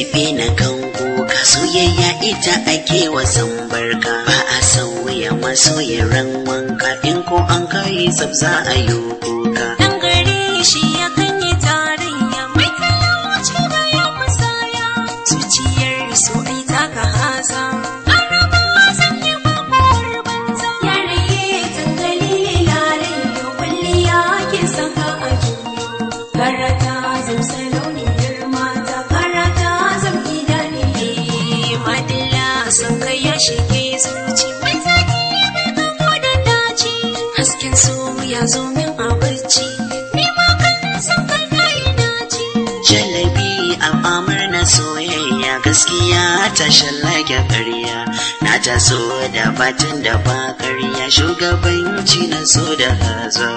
haife na kango ka soyayya ita ake wasan barka ba a sauya masoyin ran wanka in ko an kai sabza za a yi kuka dan gari shi ya ganye tarayya mai talauci da ya musaya zuciyar so ya zo min a barci ni ma kallon san kana ji jalabi al'amar na soyayya gaskiya ta shallake ƙarya na taso da fatan da ba ƙarya shugabanci na so da hazo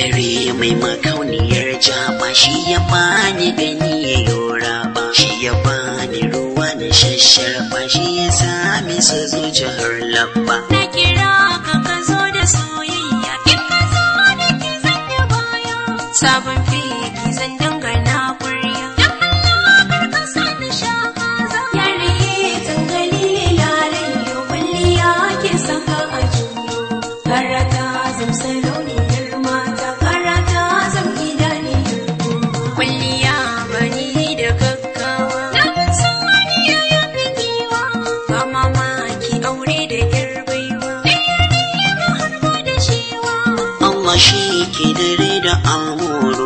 dare mai makauniyar jaba shi ya bani gani ya yora ba shi ya bani ruwa na shashar ba shi ya sami su jihar labba na kira ka ka zo da soyayya kin ka zo da da baya sabon fiki zan na kurya dan Allah kar ka sani shaka za yare tangali lalan yo ya ke saka a juyo karata zamsar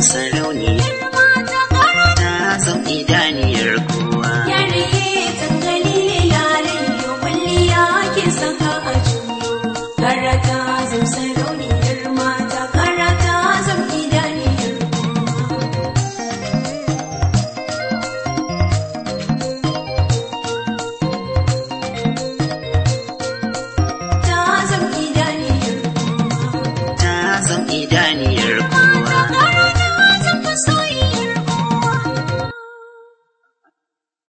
三六。